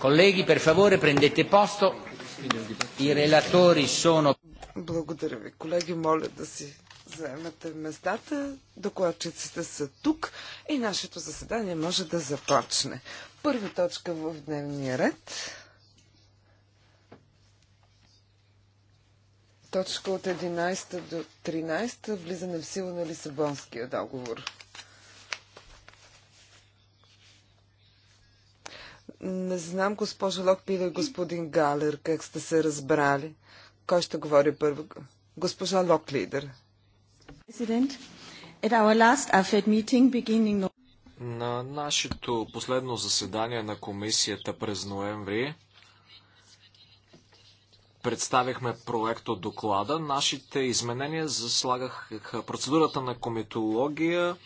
Колеги, per favore, prendete posto. I relatori sono... Благодаря ви, колеги. Моля да си заемете местата. Докладчиците са тук и нашето заседание може да започне. Първа точка в дневния ред. Точка от 11 до 13. Влизане в сила на Лисабонския договор. Не знам, госпожа Локпилер, господин Галер, как сте се разбрали. Кой ще говори първо? Госпожа Локлидер. На нашето последно заседание на комисията през ноември представихме проект от доклада. Нашите изменения заслагаха процедурата на кометология.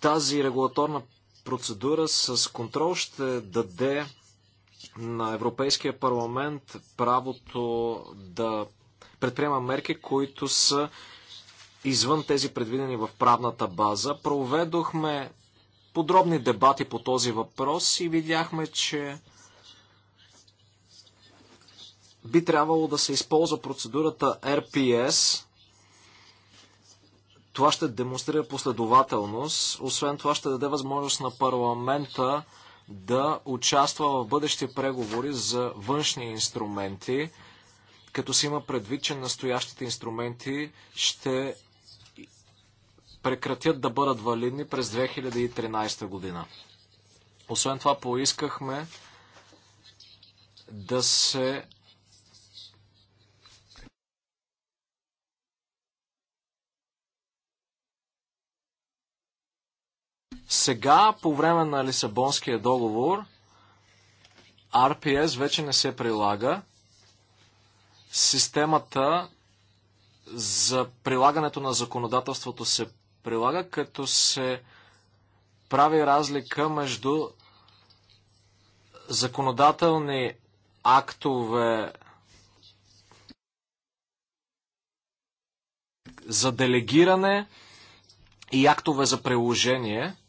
Тази регулаторна процедура с контрол ще даде на Европейския парламент правото да предприема мерки, които са извън тези предвидени в правната база. Проведохме подробни дебати по този въпрос и видяхме, че би трябвало да се използва процедурата RPS това ще демонстрира последователност. Освен това ще даде възможност на парламента да участва в бъдещи преговори за външни инструменти, като се има предвид, че настоящите инструменти ще прекратят да бъдат валидни през 2013 година. Освен това поискахме да се Сега, по време на Лисабонския договор, RPS вече не се прилага. Системата за прилагането на законодателството се прилага, като се прави разлика между законодателни актове за делегиране и актове за приложение –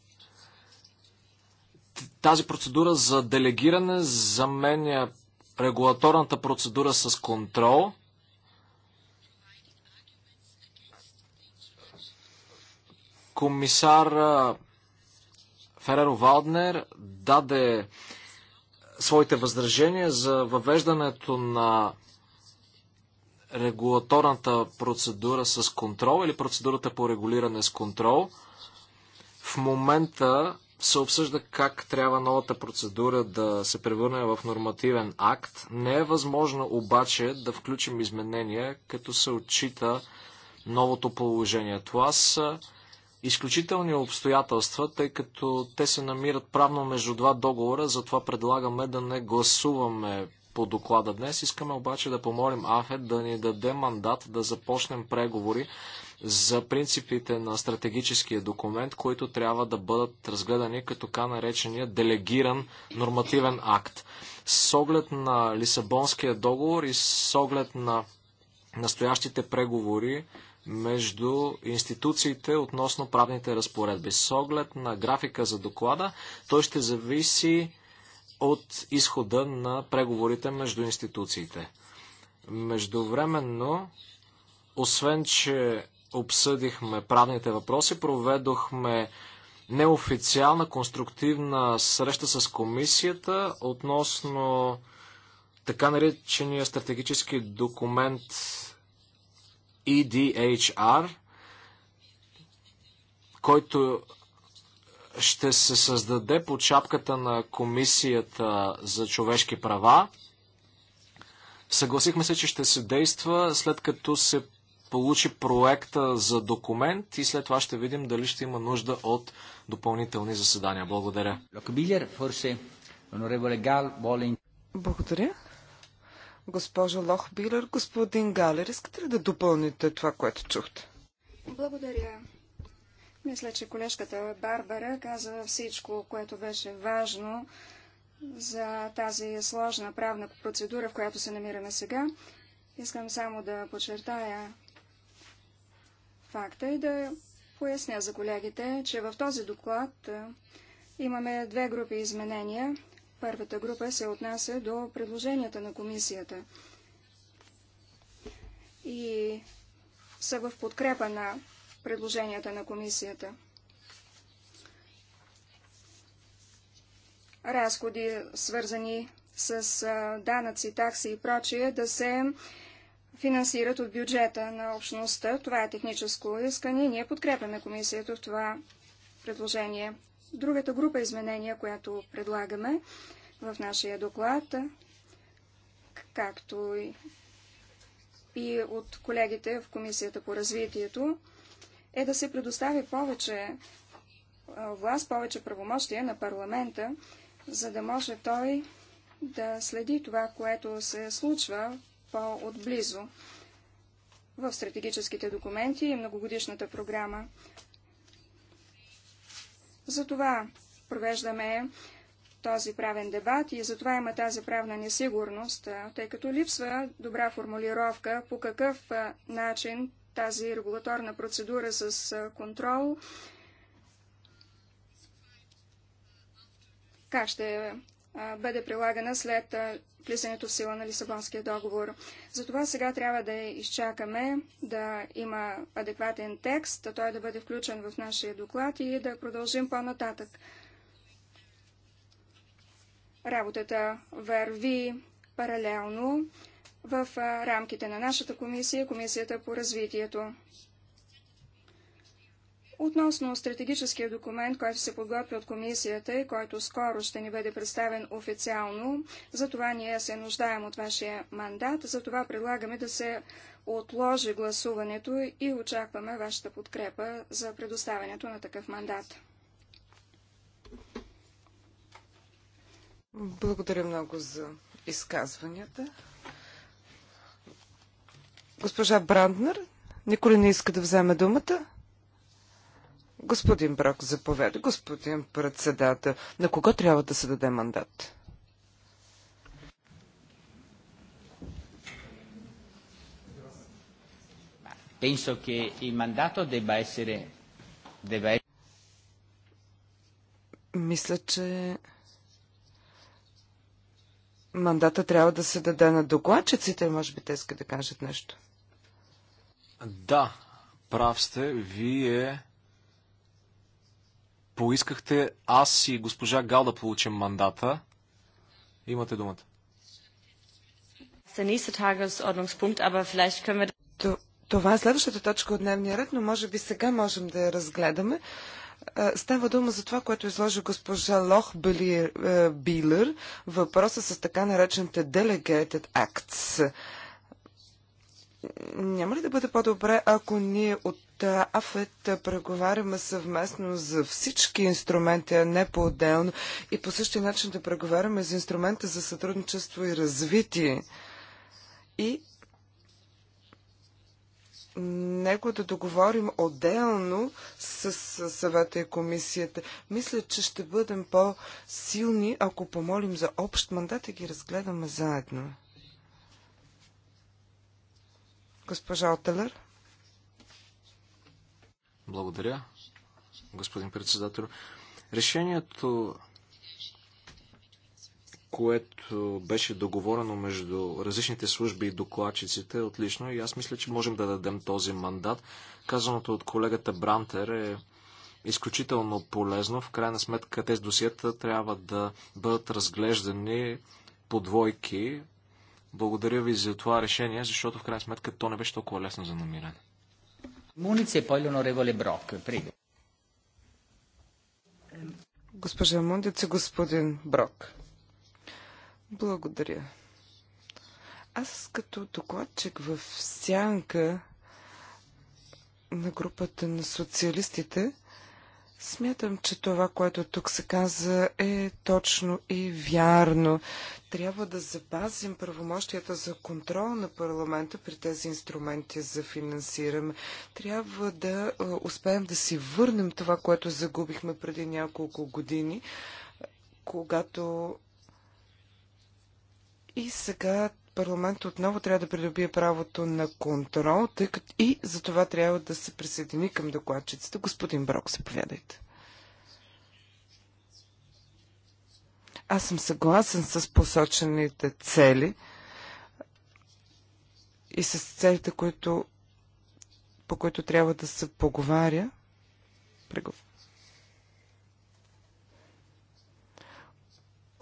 тази процедура за делегиране заменя е регулаторната процедура с контрол. Комисар Фереро Валднер даде своите възражения за въвеждането на регулаторната процедура с контрол или процедурата по регулиране с контрол. В момента се обсъжда как трябва новата процедура да се превърне в нормативен акт. Не е възможно обаче да включим изменения, като се отчита новото положение. Това са изключителни обстоятелства, тъй като те се намират правно между два договора, затова предлагаме да не гласуваме по доклада днес. Искаме обаче да помолим Афет да ни даде мандат да започнем преговори за принципите на стратегическия документ, които трябва да бъдат разгледани като така наречения делегиран нормативен акт. С оглед на Лисабонския договор и с оглед на настоящите преговори между институциите относно правните разпоредби. С оглед на графика за доклада, той ще зависи от изхода на преговорите между институциите. Междувременно, освен, че обсъдихме правните въпроси, проведохме неофициална конструктивна среща с комисията относно така наречения стратегически документ EDHR, който ще се създаде под шапката на Комисията за човешки права. Съгласихме се, че ще се действа след като се получи проекта за документ и след това ще видим дали ще има нужда от допълнителни заседания. Благодаря. Благодаря. Госпожа Лохбилер, господин Галер, искате ли да допълните това, което чухте? Благодаря. Мисля, че колежката Барбара каза всичко, което беше важно за тази сложна правна процедура, в която се намираме сега. Искам само да подчертая, Факта е да поясня за колегите, че в този доклад е, имаме две групи изменения. Първата група се отнася до предложенията на комисията и са в подкрепа на предложенията на комисията. Разходи, свързани с е, данъци, такси и прочие, да се финансират от бюджета на общността. Това е техническо искане. Ние подкрепяме комисията в това предложение. Другата група изменения, която предлагаме в нашия доклад, както и от колегите в Комисията по развитието, е да се предостави повече власт, повече правомощия на парламента, за да може той да следи това, което се случва по-отблизо в стратегическите документи и многогодишната програма. Затова провеждаме този правен дебат и затова има тази правна несигурност, тъй като липсва добра формулировка по какъв начин тази регулаторна процедура с контрол как ще бъде прилагана след влизането в сила на Лисабонския договор. Затова сега трябва да изчакаме да има адекватен текст, да той да бъде включен в нашия доклад и да продължим по-нататък. Работата върви паралелно в рамките на нашата комисия, Комисията по развитието. Относно стратегическия документ, който се подготвя от комисията и който скоро ще ни бъде представен официално, за това ние се нуждаем от вашия мандат, за това предлагаме да се отложи гласуването и очакваме вашата подкрепа за предоставянето на такъв мандат. Благодаря много за изказванията. Госпожа Бранднер, никой не иска да вземе думата. Господин Брок, заповяда. Господин председател, на кого трябва да се даде мандат? Penso che il mandato debba essere... Debba... Мисля, че мандата трябва да се даде на докладчиците. Може би те искат да кажат нещо. Да, прав сте. Вие поискахте аз и госпожа Гал да получим мандата. Имате думата. Това е следващата точка от дневния ред, но може би сега можем да я разгледаме. Става дума за това, което изложи госпожа Лох е, Билер, въпроса с така наречените Delegated Acts. Няма ли да бъде по-добре, ако ние от от АФЕТ преговаряме съвместно за всички инструменти, а не по-отделно. И по същия начин да преговаряме за инструмента за сътрудничество и развитие. И него да договорим отделно с съвета и комисията. Мисля, че ще бъдем по-силни, ако помолим за общ мандат и ги разгледаме заедно. Госпожа Отелер? Благодаря, господин председател. Решението, което беше договорено между различните служби и докладчиците, е отлично и аз мисля, че можем да дадем този мандат. Казаното от колегата Брантер е изключително полезно. В крайна сметка тези досиета трябва да бъдат разглеждани по двойки. Благодаря ви за това решение, защото в крайна сметка то не беше толкова лесно за намиране. Muniz e poi l'onorevole Brock, prego. Госпожа Мундиц и господин Брок. Благодаря. Аз като докладчик в сянка на групата на социалистите Смятам, че това, което тук се каза, е точно и вярно. Трябва да запазим правомощията за контрол на парламента при тези инструменти за финансиране. Трябва да е, успеем да си върнем това, което загубихме преди няколко години, когато и сега парламент отново трябва да придобие правото на контрол, тъй като и за това трябва да се присъедини към докладчицата. Господин Брок, заповядайте. Аз съм съгласен с посочените цели и с целите, които, по които трябва да се поговаря. Преговаря.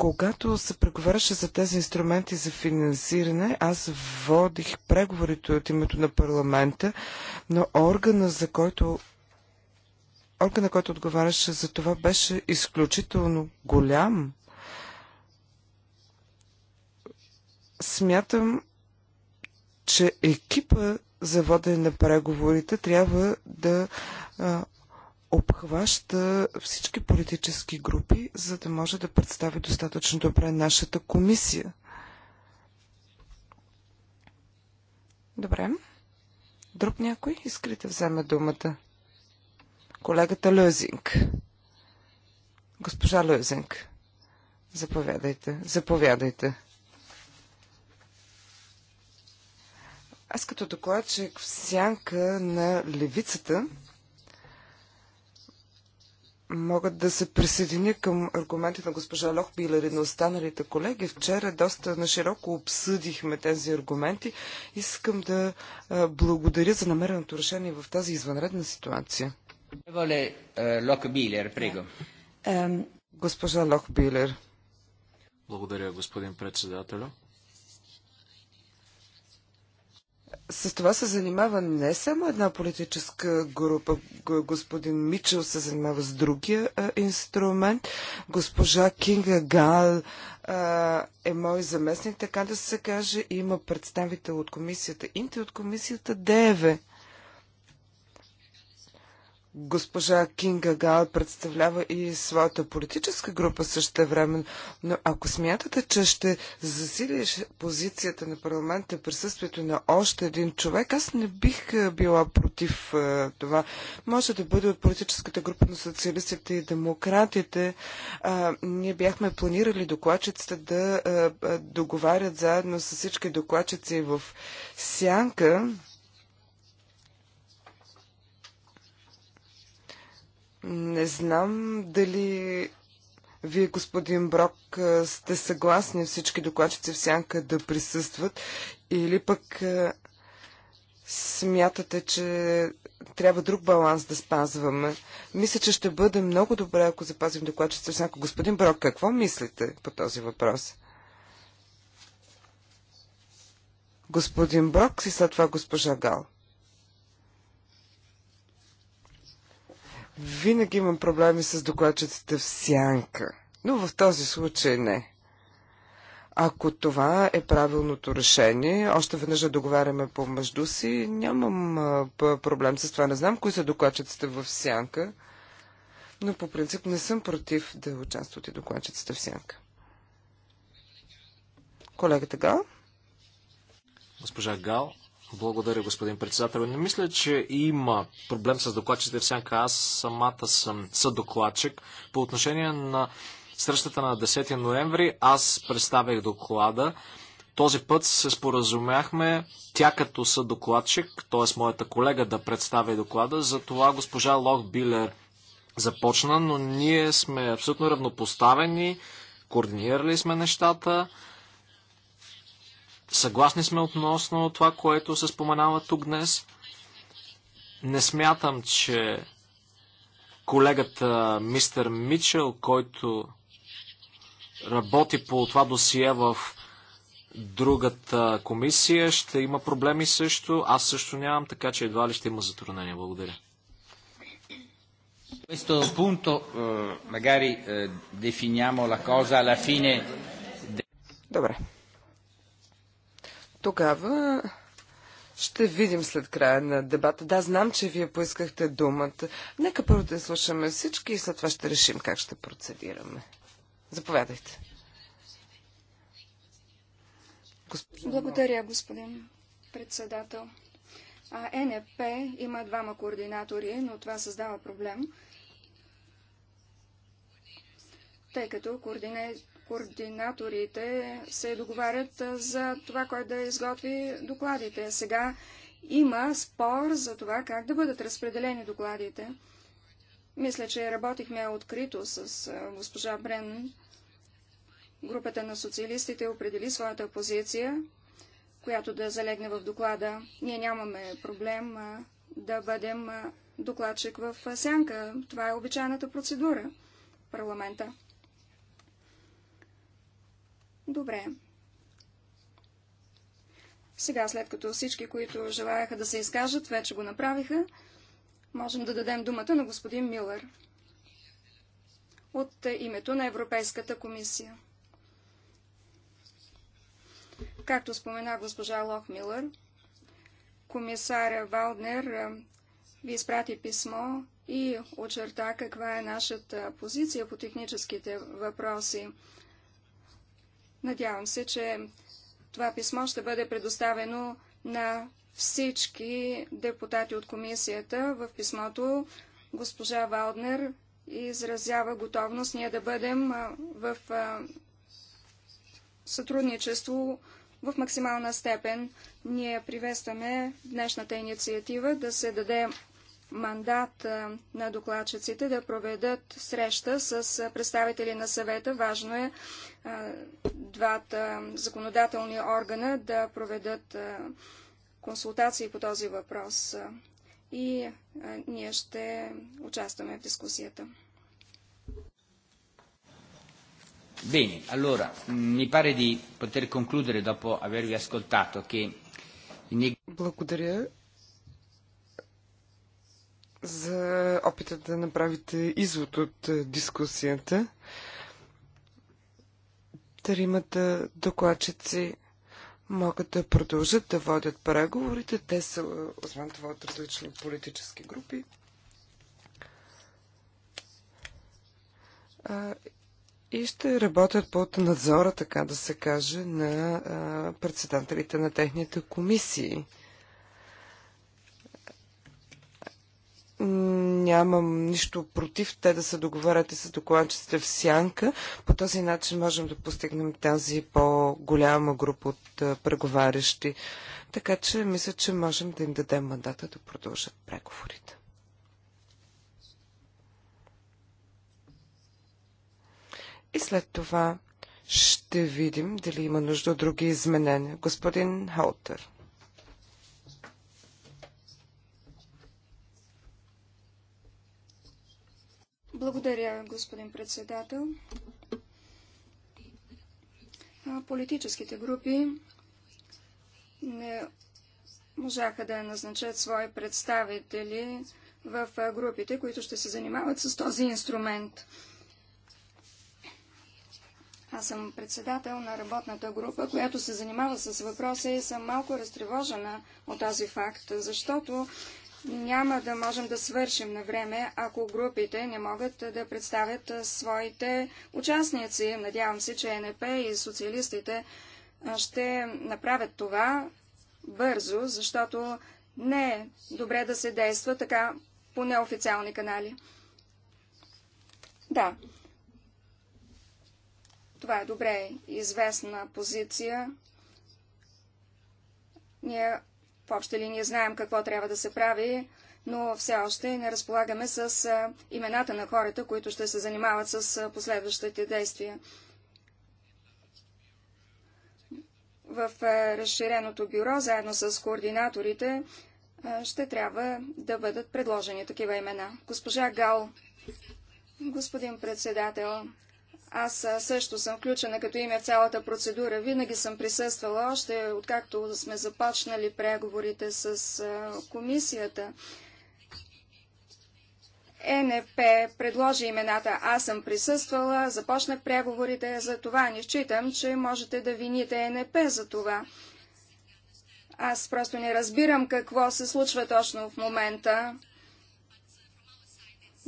Когато се преговаряше за тези инструменти за финансиране, аз водих преговорите от името на парламента, но органа, за който органа, който отговаряше за това, беше изключително голям. Смятам, че екипа за водене на преговорите трябва да а, обхваща всички политически групи, за да може да представи достатъчно добре нашата комисия. Добре. Друг някой Искрите да вземе думата? Колегата Лъзинг. Госпожа Лъзинг. Заповядайте. Заповядайте. Аз като докладчик в сянка на левицата могат да се присъединя към аргументите на госпожа Лохбилер и на останалите колеги. Вчера доста нашироко обсъдихме тези аргументи. Искам да благодаря за намереното решение в тази извънредна ситуация. Воле Лохбилер, прего. Госпожа Лохбилер. Благодаря, господин председателю. с това се занимава не само една политическа група. Господин Мичел се занимава с другия а, инструмент. Госпожа Кинга Гал а, е мой заместник, така да се каже. Има представител от комисията Инте, от комисията Деве. Госпожа Кинга Гал представлява и своята политическа група също време, но ако смятате, че ще засилиш позицията на парламента присъствието на още един човек, аз не бих е, била против е, това. Може да бъде от политическата група на социалистите и демократите. А, е, ние бяхме планирали докладчиците да а, договарят заедно с всички докладчици в сянка Не знам дали вие, господин Брок, сте съгласни всички докладчици в сянка да присъстват или пък смятате, че трябва друг баланс да спазваме. Мисля, че ще бъде много добре, ако запазим докладчици в сянка. Господин Брок, какво мислите по този въпрос? Господин Брок и след това госпожа Гал. Винаги имам проблеми с докладчетата в сянка, но в този случай не. Ако това е правилното решение, още веднъж да договаряме помежду си, нямам проблем с това. Не знам кои са докладчетата в сянка, но по принцип не съм против да участват и докладчиците в сянка. Колегата Гал? Госпожа Гал, благодаря, господин председател. Не мисля, че има проблем с докладчите в сянка. Аз самата съм съдокладчик. По отношение на срещата на 10 ноември, аз представих доклада. Този път се споразумяхме тя като съдокладчик, т.е. моята колега да представи доклада. За това госпожа Лох Билер започна, но ние сме абсолютно равнопоставени, координирали сме нещата. Съгласни сме относно това, което се споменава тук днес. Не смятам, че колегата мистер Мичел, който работи по това досие в другата комисия, ще има проблеми също. Аз също нямам, така че едва ли ще има затруднения. Благодаря. Questo punto eh, magari eh, definiamo la cosa alla fine. Добре. Тогава ще видим след края на дебата. Да, знам, че вие поискахте думата. Нека първо да слушаме всички и след това ще решим как ще процедираме. Заповядайте. Господин... Благодаря, господин председател. А НЕП има двама координатори, но това създава проблем, тъй като координа координаторите се договарят за това, кой да изготви докладите. Сега има спор за това как да бъдат разпределени докладите. Мисля, че работихме открито с госпожа Брен. Групата на социалистите определи своята позиция, която да залегне в доклада. Ние нямаме проблем да бъдем докладчик в сянка. Това е обичайната процедура в парламента. Добре. Сега, след като всички, които желаяха да се изкажат, вече го направиха, можем да дадем думата на господин Милър от името на Европейската комисия. Както спомена госпожа Лох Милър, комисаря Валднер ви изпрати писмо и очерта каква е нашата позиция по техническите въпроси. Надявам се, че това писмо ще бъде предоставено на всички депутати от комисията. В писмото госпожа Валднер изразява готовност ние да бъдем в сътрудничество в максимална степен. Ние приветстваме днешната инициатива да се даде мандат на докладчиците да проведат среща с представители на съвета. Важно е двата законодателни органа да проведат консултации по този въпрос и ние ще участваме в дискусията. Bene, allora mi pare di poter concludere dopo avervi ascoltato che... Благодаря за опита да направите извод от е, дискусията. Таримата докладчици могат да продължат да водят преговорите. Те са, е, освен това, от различни политически групи. и ще работят под надзора, така да се каже, на председателите на техните комисии. Нямам нищо против те да се договарят и с докладчиците в сянка. По този начин можем да постигнем тази по-голяма група от преговарящи. Така че мисля, че можем да им дадем мандата да продължат преговорите. И след това ще видим дали има нужда от други изменения. Господин Хаутер. Благодаря, господин председател. Политическите групи не можаха да назначат свои представители в групите, които ще се занимават с този инструмент. Аз съм председател на работната група, която се занимава с въпроса и съм малко разтревожена от този факт, защото няма да можем да свършим на време, ако групите не могат да представят своите участници. Надявам се, че НП и социалистите ще направят това бързо, защото не е добре да се действа така по неофициални канали. Да. Това е добре известна позиция. Ние в обща линия знаем какво трябва да се прави, но все още не разполагаме с имената на хората, които ще се занимават с последващите действия. В разширеното бюро, заедно с координаторите, ще трябва да бъдат предложени такива имена. Госпожа Гал, господин председател, аз също съм включена като име в цялата процедура. Винаги съм присъствала, още откакто сме започнали преговорите с комисията. ЕНП предложи имената. Аз съм присъствала, започнах преговорите за това. Не считам, че можете да вините ЕНП за това. Аз просто не разбирам какво се случва точно в момента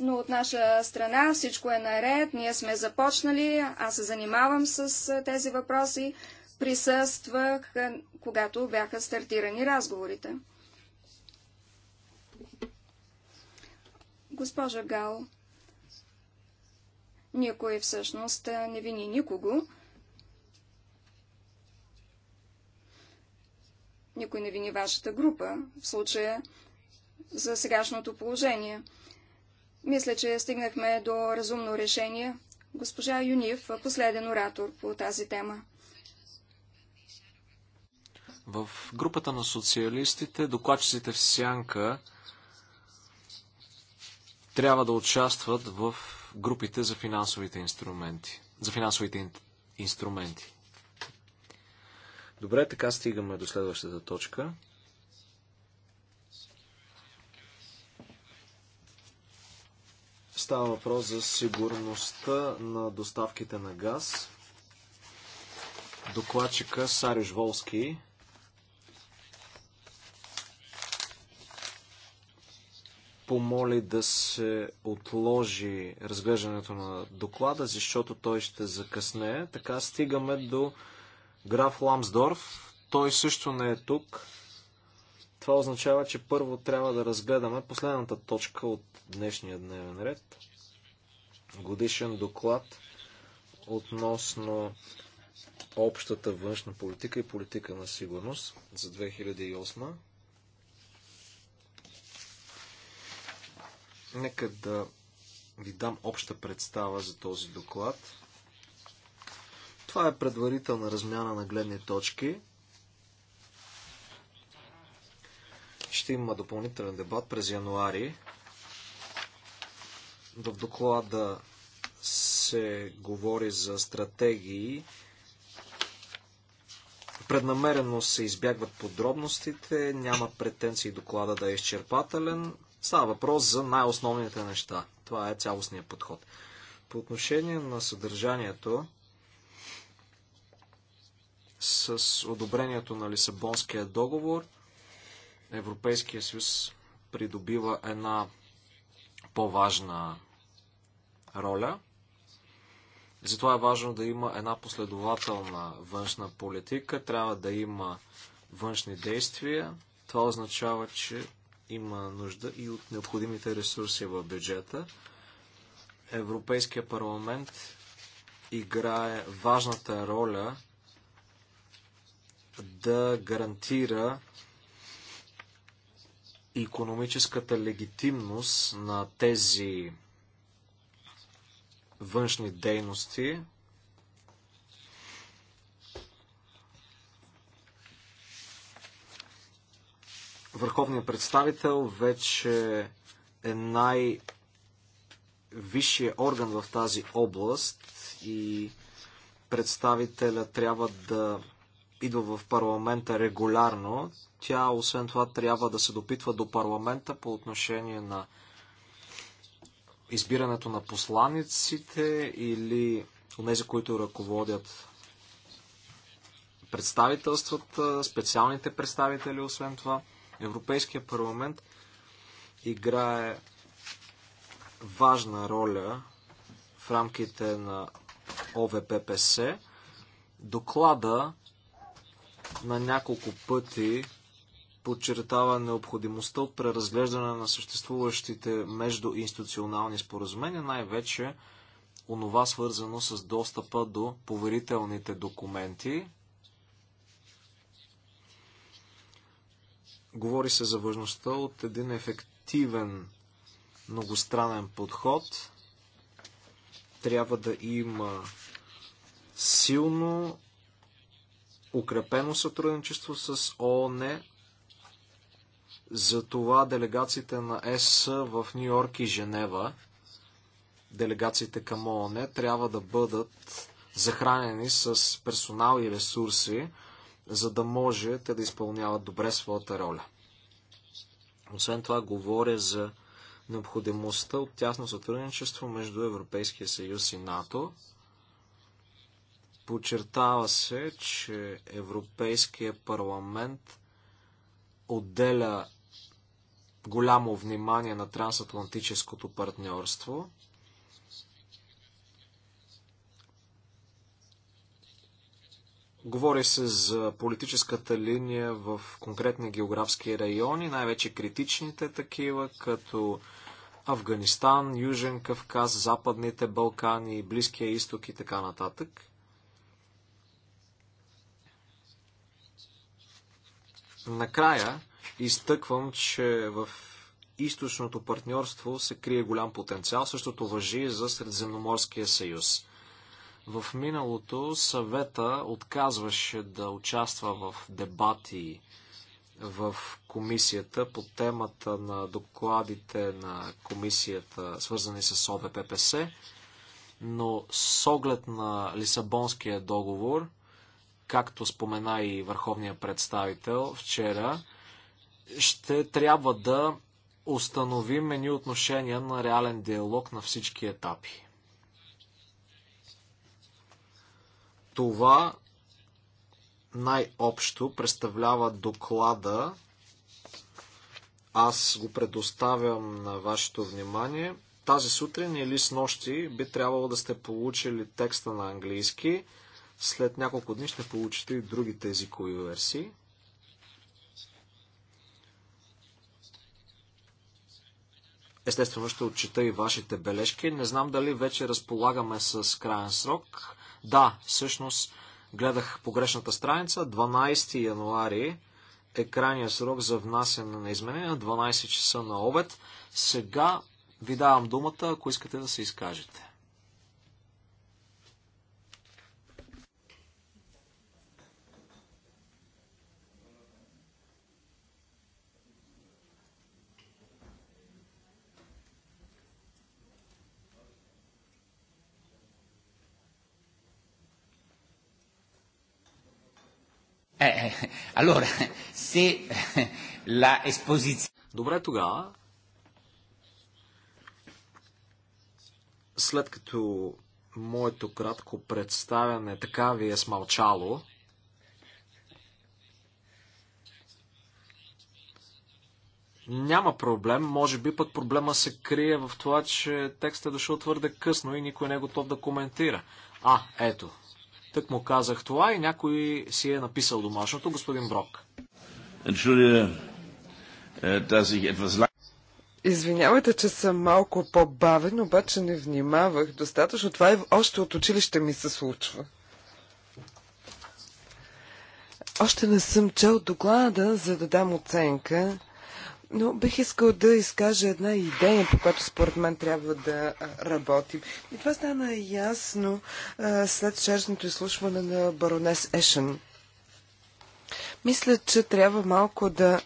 но от наша страна всичко е наред, ние сме започнали, аз се занимавам с тези въпроси, присъствах, когато бяха стартирани разговорите. Госпожа Гал, никой всъщност не вини никого. Никой не вини вашата група в случая за сегашното положение – мисля, че стигнахме до разумно решение. Госпожа Юнив, последен оратор по тази тема. В групата на социалистите, докладчиците в Сянка трябва да участват в групите за финансовите инструменти. За финансовите ин... инструменти. Добре, така стигаме до следващата точка. Става въпрос за сигурността на доставките на газ. Докладчика Сариш Волски. помоли да се отложи разглеждането на доклада, защото той ще закъсне. Така стигаме до граф Ламсдорф. Той също не е тук. Това означава, че първо трябва да разгледаме последната точка от днешния дневен ред. Годишен доклад относно общата външна политика и политика на сигурност за 2008. Нека да ви дам обща представа за този доклад. Това е предварителна размяна на гледни точки – ще има допълнителен дебат през януари. В доклада се говори за стратегии. Преднамерено се избягват подробностите, няма претенции доклада да е изчерпателен. Става въпрос за най-основните неща. Това е цялостният подход. По отношение на съдържанието, с одобрението на Лисабонския договор – Европейския съюз придобива една по-важна роля. Затова е важно да има една последователна външна политика, трябва да има външни действия. Това означава, че има нужда и от необходимите ресурси в бюджета. Европейския парламент играе важната роля да гарантира економическата легитимност на тези външни дейности. Върховният представител вече е най- висшият орган в тази област и представителя трябва да идва в парламента регулярно. Тя, освен това, трябва да се допитва до парламента по отношение на избирането на посланиците или тези, които ръководят представителствата, специалните представители, освен това. Европейския парламент играе важна роля в рамките на ОВППС. Доклада на няколко пъти подчертава необходимостта от преразглеждане на съществуващите междуинституционални споразумения, най-вече онова свързано с достъпа до поверителните документи. Говори се за важността от един ефективен многостранен подход. Трябва да има силно укрепено сътрудничество с ООН. За това делегациите на ЕС в Нью Йорк и Женева, делегациите към ООН, трябва да бъдат захранени с персонал и ресурси, за да може те да изпълняват добре своята роля. Освен това, говоря за необходимостта от тясно сътрудничество между Европейския съюз и НАТО. Подчертава се, че Европейския парламент отделя голямо внимание на трансатлантическото партньорство. Говори се за политическата линия в конкретни географски райони, най-вече критичните такива, като Афганистан, Южен Кавказ, Западните Балкани, Близкия изток и така нататък. Накрая изтъквам, че в източното партньорство се крие голям потенциал. Същото въжи за Средиземноморския съюз. В миналото съвета отказваше да участва в дебати в комисията по темата на докладите на комисията, свързани с ОВППС, но с оглед на Лисабонския договор – както спомена и върховния представител вчера, ще трябва да установим едни отношения на реален диалог на всички етапи. Това най-общо представлява доклада. Аз го предоставям на вашето внимание. Тази сутрин или с нощи би трябвало да сте получили текста на английски. След няколко дни ще получите и другите езикови версии. Естествено ще отчита и вашите бележки. Не знам дали вече разполагаме с крайен срок. Да, всъщност гледах погрешната страница. 12 януари е крайния срок за внасяне на изменения. 12 часа на обед. Сега ви давам думата, ако искате да се изкажете. Allora, se la esposizione... Добре тогава. След като моето кратко представяне така ви е смълчало, няма проблем. Може би пък проблема се крие в това, че текстът е дошъл твърде късно и никой не е готов да коментира. А, ето, Тък му казах това и някой си е написал домашното, господин Брок. Е, Извинявайте, че съм малко по-бавен, обаче не внимавах достатъчно. Това е още от училище ми се случва. Още не съм чел доклада, за да дам оценка. Но бих искал да изкажа една идея, по която според мен трябва да работим. И това стана ясно след вчерашното изслушване на баронес Ешен. Мисля, че трябва малко да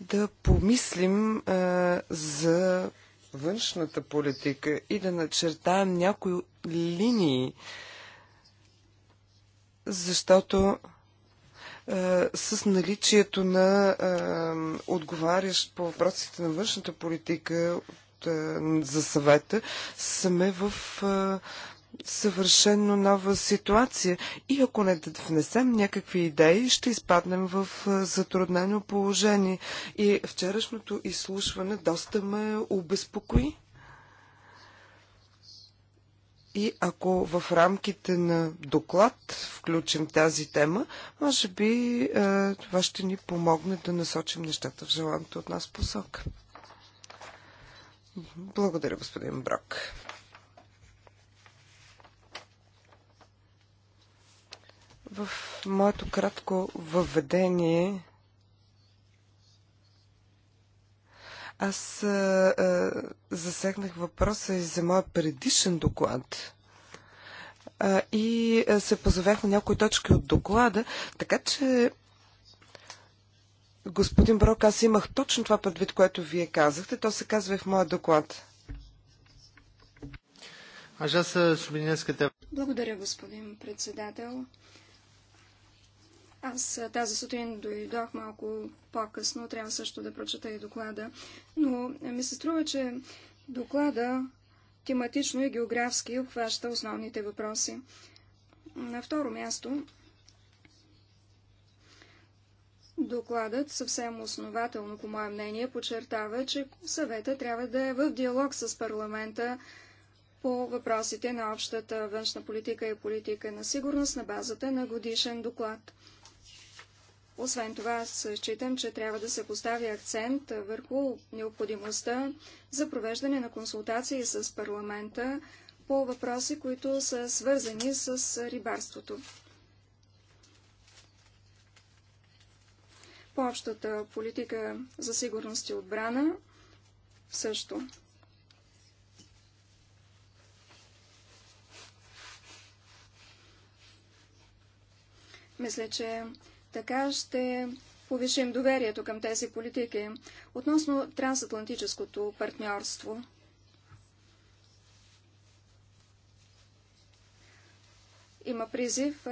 да помислим а, за външната политика и да начертаем някои линии, защото е, с наличието на е, отговарящ по въпросите на външната политика е, за съвета, сме в съвършенно нова ситуация. И ако не да внесем някакви идеи, ще изпаднем в затруднено положение. И вчерашното изслушване доста ме обезпокои. И ако в рамките на доклад включим тази тема, може би е, това ще ни помогне да насочим нещата в желаната от нас посока. Благодаря, господин Брок. В моето кратко въведение Аз а, а, засегнах въпроса и за моя предишен доклад а, и се позовях на някои точки от доклада, така че господин Брок, аз имах точно това предвид, което вие казахте. То се казва и в моя доклад. Благодаря, господин председател. Аз тази сутрин дойдох малко по-късно, трябва също да прочета и доклада, но ми се струва, че доклада тематично и географски обхваща основните въпроси. На второ място, докладът съвсем основателно, по мое мнение, подчертава, че съвета трябва да е в диалог с парламента по въпросите на общата външна политика и политика на сигурност на базата на годишен доклад – освен това, считам, че трябва да се постави акцент върху необходимостта за провеждане на консултации с парламента по въпроси, които са свързани с рибарството. По общата политика за сигурност и отбрана също. Мисля, че така ще повишим доверието към тези политики. Относно трансатлантическото партньорство, има призив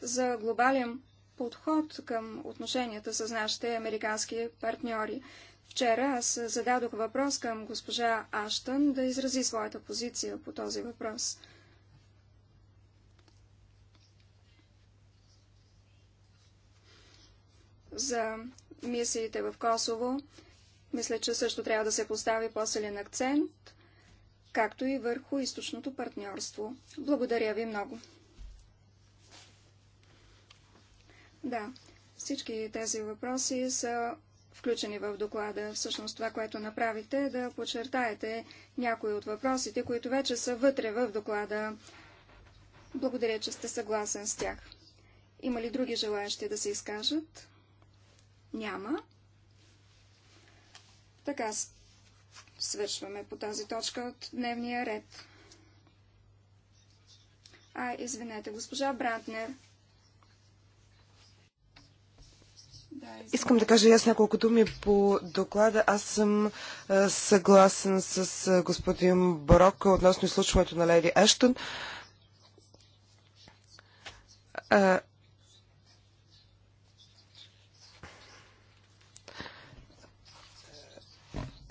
за глобален подход към отношенията с нашите американски партньори. Вчера аз зададох въпрос към госпожа Аштън да изрази своята позиция по този въпрос – за мисиите в Косово. Мисля, че също трябва да се постави по-силен акцент, както и върху източното партньорство. Благодаря ви много. Да, всички тези въпроси са включени в доклада. Всъщност това, което направите, е да подчертаете някои от въпросите, които вече са вътре в доклада. Благодаря, че сте съгласен с тях. Има ли други желаящи да се изкажат? Няма. Така свършваме по тази точка от дневния ред. А, извинете, госпожа Братнер. Искам да кажа аз няколко думи по доклада. Аз съм съгласен с господин Барок относно изслушването на Леди Ештън.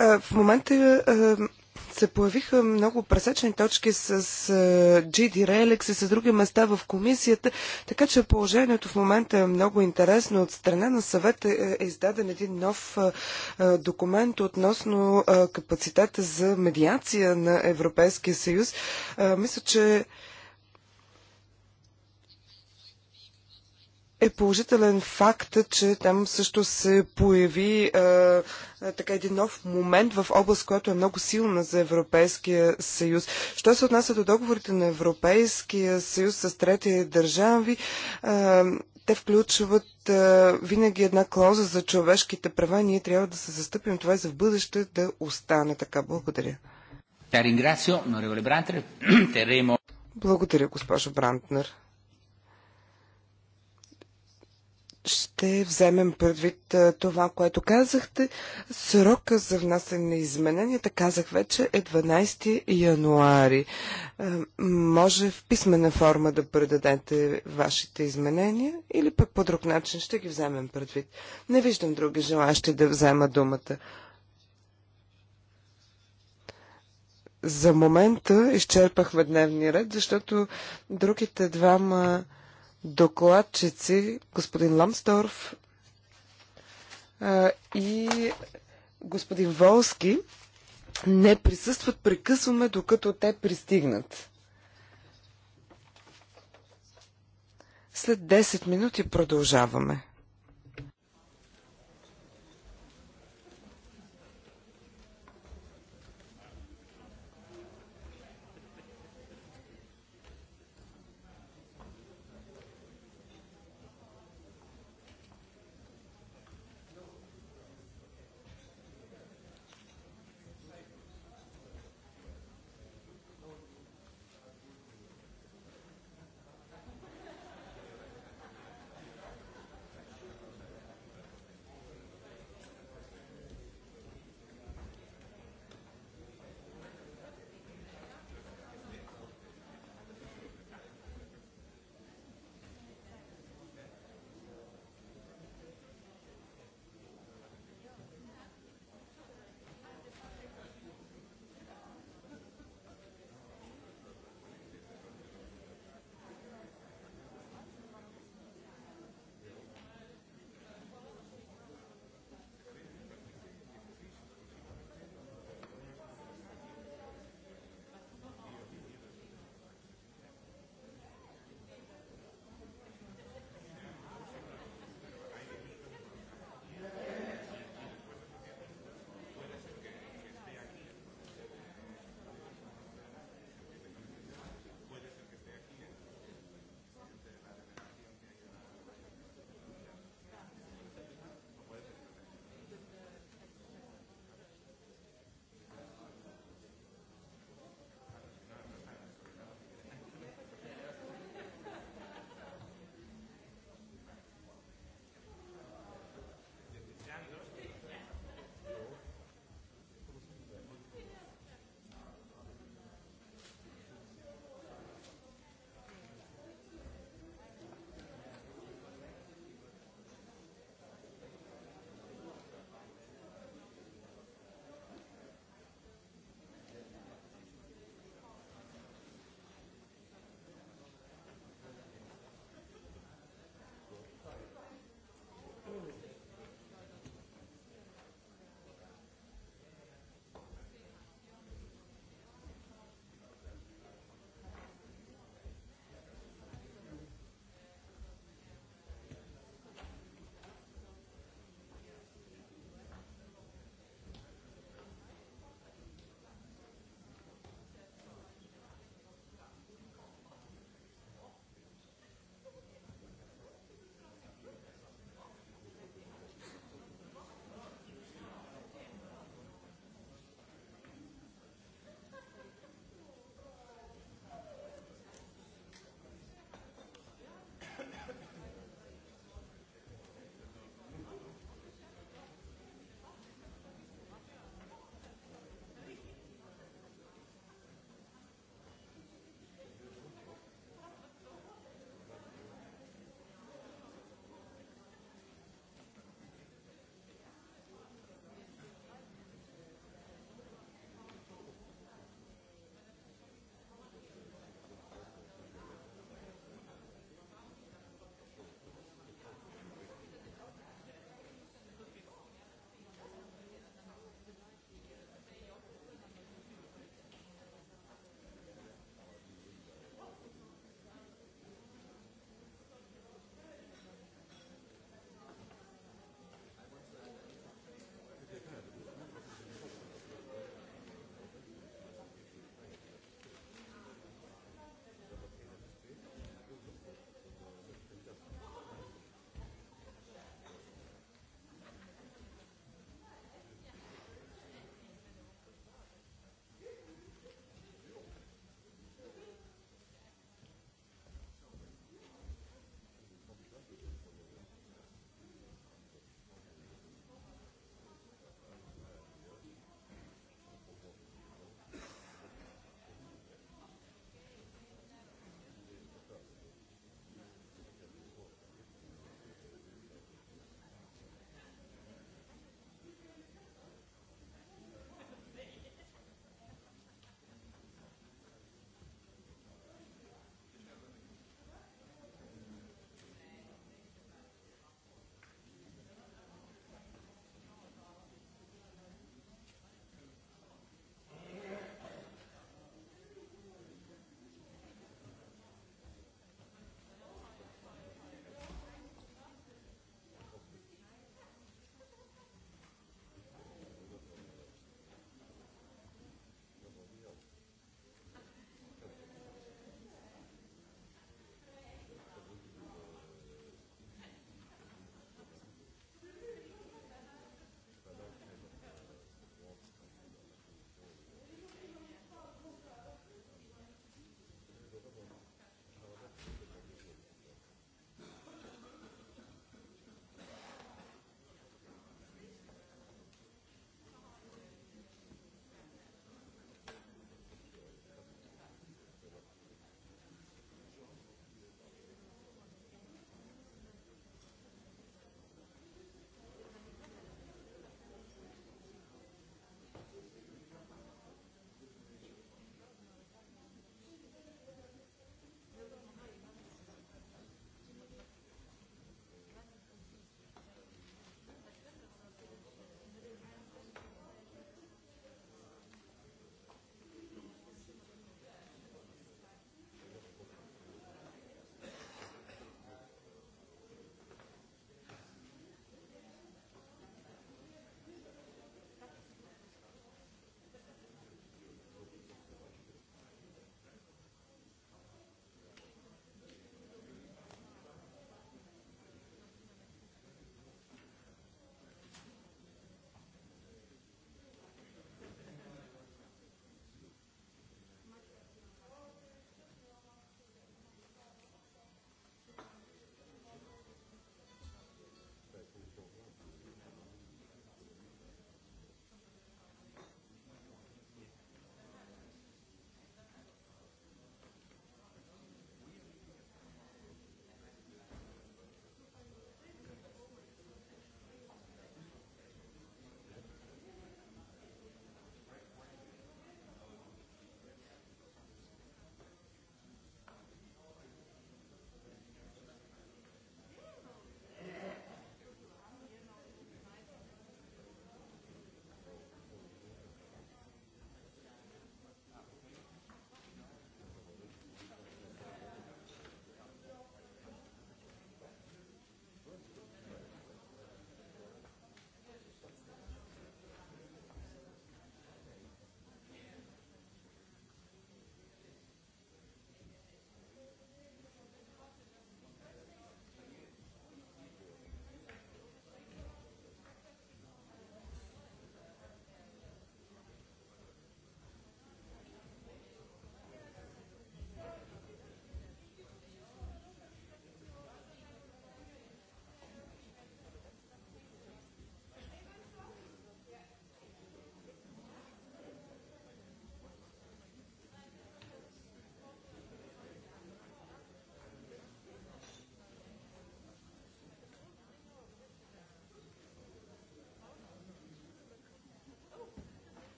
В момента се появиха много пресечни точки с GD Relix и с други места в комисията, така че положението в момента е много интересно. От страна на съвета е, е издаден един нов документ относно капацитета за медиация на Европейския съюз. Мисля, че е положителен факт, че там също се появи е, е, така един нов момент в област, която е много силна за Европейския съюз. Що се отнася до договорите на Европейския съюз с трети държави, е, те включват е, винаги една клауза за човешките права. Ние трябва да се застъпим това и за в бъдеще да остане така. Благодаря. Благодаря, госпожо Брантнер. ще вземем предвид това, което казахте. Срока за внасяне на измененията, казах вече, е 12 януари. Може в писмена форма да предадете вашите изменения или пък по друг начин ще ги вземем предвид. Не виждам други желащи да взема думата. За момента изчерпахме дневния ред, защото другите двама докладчици господин Ламсторф и господин Волски не присъстват, прекъсваме докато те пристигнат. След 10 минути продължаваме.